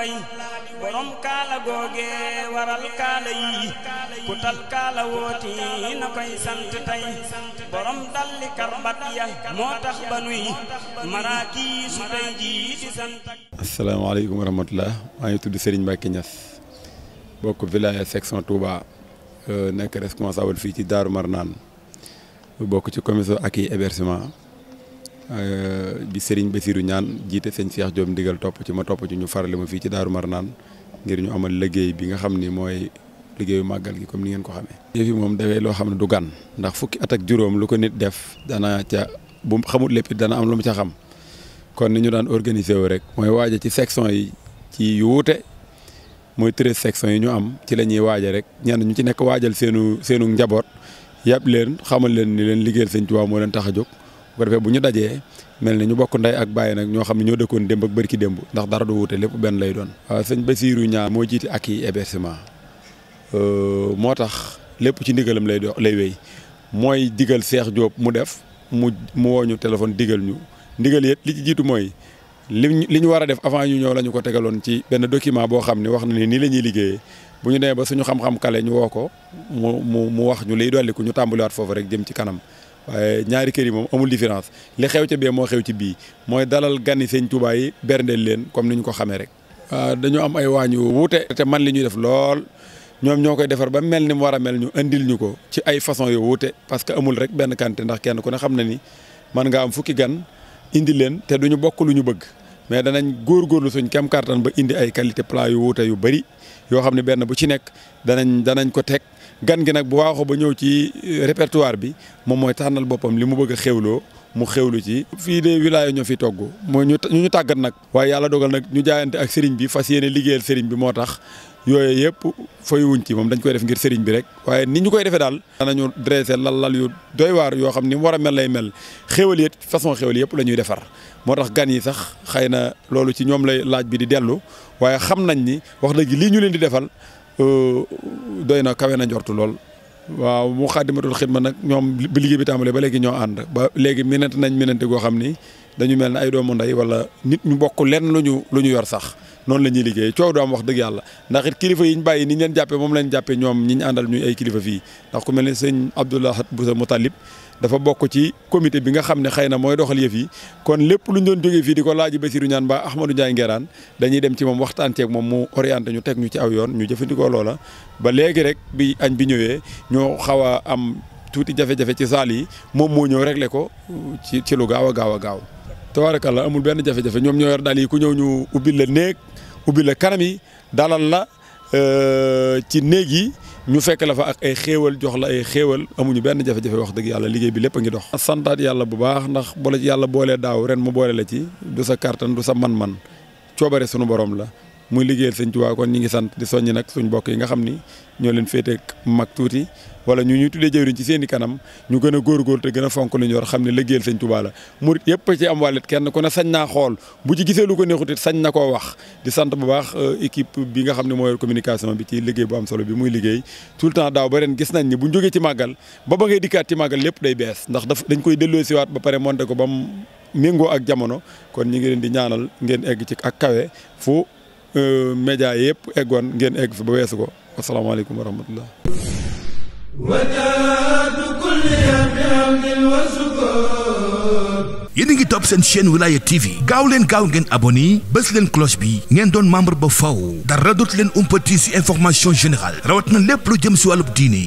way borom kaala googee waral kaala yi ku kaala wooti na koy sant tey borom dalli karbat ya moo tax ba nuy maraaki tey ji di sant asalaamaaleykum wa rahmatulah maa ngi tudd Serigne Mbacke Niass bokk village section Touba euh, nekk responsable fii ci Daaru Marnaan bokk ci commission accueil hébergement bi euh, Serigne Bassirou ñaan jiite sëñ Cheikh Diop ndigal topp ci ma topp ci ñu farale ma fii ci Daaru Marnaan ngir ñu amal liggéey bi nga xam ni mooy liggéeyu màggal gi comme ni ngeen ko xamee. yëf yi moom dawee loo xam ne du gan ndax fukki atak juróom lu ko nit def dana ca bu xamul lépp dana am lu mu ca xam kon ni ñu daan organiser wu rek mooy waaja ci section yi ci yu wuute mooy treize sections yi ñu am ci la ñuy waaja rek ñenn ñu ci nekk waajal seenu seenu njaboot yàpp leen xamal leen ni leen liggéeyal sëñ Tuubaa moo leen tax a jóg bu bu ñu dajee mel ni ñu bokk ndey ak bàyyi nag ñoo xam ne ñoo dëkkoon démb ak bërki démb ndax dara du wuute lépp benn lay doon. waaw sëñ Basirou Niang moo jiiti aki i hébergement euh, moo tax lépp ci ndigalam lay do lay wéy mooy digal Seex Jóob mu def mu mu woo ñu téléphone digal ñu ndigal yëpp li ci jiitu mooy. li li ñu war a def avant ñu ñëw la ñu ko tegaloon ci benn document boo xam ne wax na ni nii la ñuy liggéeyee bu ñu demee ba suñu xam-xam kale ñu woo ko mu mu mu wax ñu liy dolliku ñu tàmbaliwaat foofu rek jëm ci kanam waaye ñaari kër yi moom amul différence li xew ci bee moo xew ci bii mooy dalal gani sëñ Tuubaa yi berndeel leen comme ni ñu ko xamee rek. Ah, dañu am ay waañ yu wuute. te man li ñuy def lool ñoom ñoo koy defar ba mel ni mu war a mel ñu indil ñu ko ci ay façon yu wuute parce que amul rek benn quantité ndax kenn ku ne xam na ni mën nga am fukki gan indi leen te du ñu bokk lu ñu bëgg. mais danañ góorgóorlu suñ kem kàttan ba indi ay qualité plat yu wuute yu bëri yoo xam ne benn bu ci nekk danañ danañ ko teg gan gi nag bu waaxoo ba ñëw ci euh, répertoire bi moom mooy tànnal boppam li mu bëgg xewloo mu xewlu ci fii de wilaya ñoo fi togg mooy ñu ñu tàggat nag waaye yàlla dogal nag ñu jaayante ak sëriñ bi fas yéene liggéeyal sëriñ bi moo tax yooyu yëpp fayuwuñ ci moom dañ koy def ngir sëriñ bi rek waaye nit ñu koy defee daal danañu dressé lal lal yu doy waar yoo xam ni mu war a mel lay mel xéwal yëpp façon xéwal yëpp la ñuy defar moo tax gan yi sax xëy na loolu ci ñoom lay laaj bi di dellu waaye xam nañ ni wax dëgg lii ñu leen di defal euh, doy na kawe na njortu lool waaw mu xaadimatul xidma nag ñoom bi liggéey bi ba léegi ñoo ànd ba léegi minante nañ minante goo xam ni dañu mel ne ay doomu ndey wala nit ñu bokk lenn lu ñu lu ñu yor sax noonu la ñuy liggéey coow du am wax dëgg yàlla ndax it kilifa yi ñu bàyyi ni ñu leen jàppee moom lañ jàppee ñoom ñi ñu àndal fii mel ne sëñ Abdoulahat Boussa Moutalib dafa bokk ci comité bi nga xam ne xëy na mooy doxal yëf yi kon lépp lu ñu doon jógee fii di ko laaji Basiru ñaan mbaa Ahmadou Ndiaye Nguerane dañuy dem ci moom waxtaan ceeg moom mu ñu teg ñu ci aw yoon ñu jëfandikoo ba léegi rek bi añ bi ñëwee ñoo xaw a am tuuti jafe ci saal yi moom moo ñëw réglé ko ci ci lu gaaw a gaaw a gaaw ñoom ñoo yor daal yi ku ñëw ñu ubbil la néeg ubbi la kanam yi dalal la euh, ci néeg yi ñu fekk la fa ak ay xewal jox la ay xéewal amuñu benn jafe-jafe wax dëgg yàlla liggéey bi lépp a ngi dox. santaat yàlla bu baax ndax bu ci yàlla boolee daaw ren mu boole la ci du sa kartan du sa man-man coobare sunu boroom la. muy liggéeyal sëñ Tuubaa kon ñi ngi sant di soññ nag suñ mbokk yi nga xam ni ñoo leen féeteeg mag tuuti wala ñu ñuy tuddee jëwriñ ci seen i kanam ñu gën a góorgóor te gën a fonk lu ñu war xam ne liggéeyal sëñ Tuubaa la murit yëpp ci am wàllit kenn ku ne sañ naa xool bu ci gisee lu ko neexutit sañ na koo wax di sant bu baax euh, équipe bi nga xam ne moo yor communication bi ci liggéey bu am solo bi muy liggéey tout le temps daaw ba ren gis nañ ni bu ñu jógee ci màggal ba ba ngay dikkaat ci màggal lépp day bees ndax daf dañ koy delloo siwaat ba pare monté ko ba mu méngoo ak jamono kon ñi ngi leen di ñaanal ngeen egg ci ak kawe fu Euh, média yëpp eggoon ngeen egg fi ba weesu ko wasalaamaaleykum wa rahmatullah yéen a ngi topp seen chaîne wilaya tv gaaw leen gaaw ngeen abonné bés leen cloche bi ngeen doon membre ba faw dara dootu leen umpati si information général rawat na lépp lu jëm si wàllu diini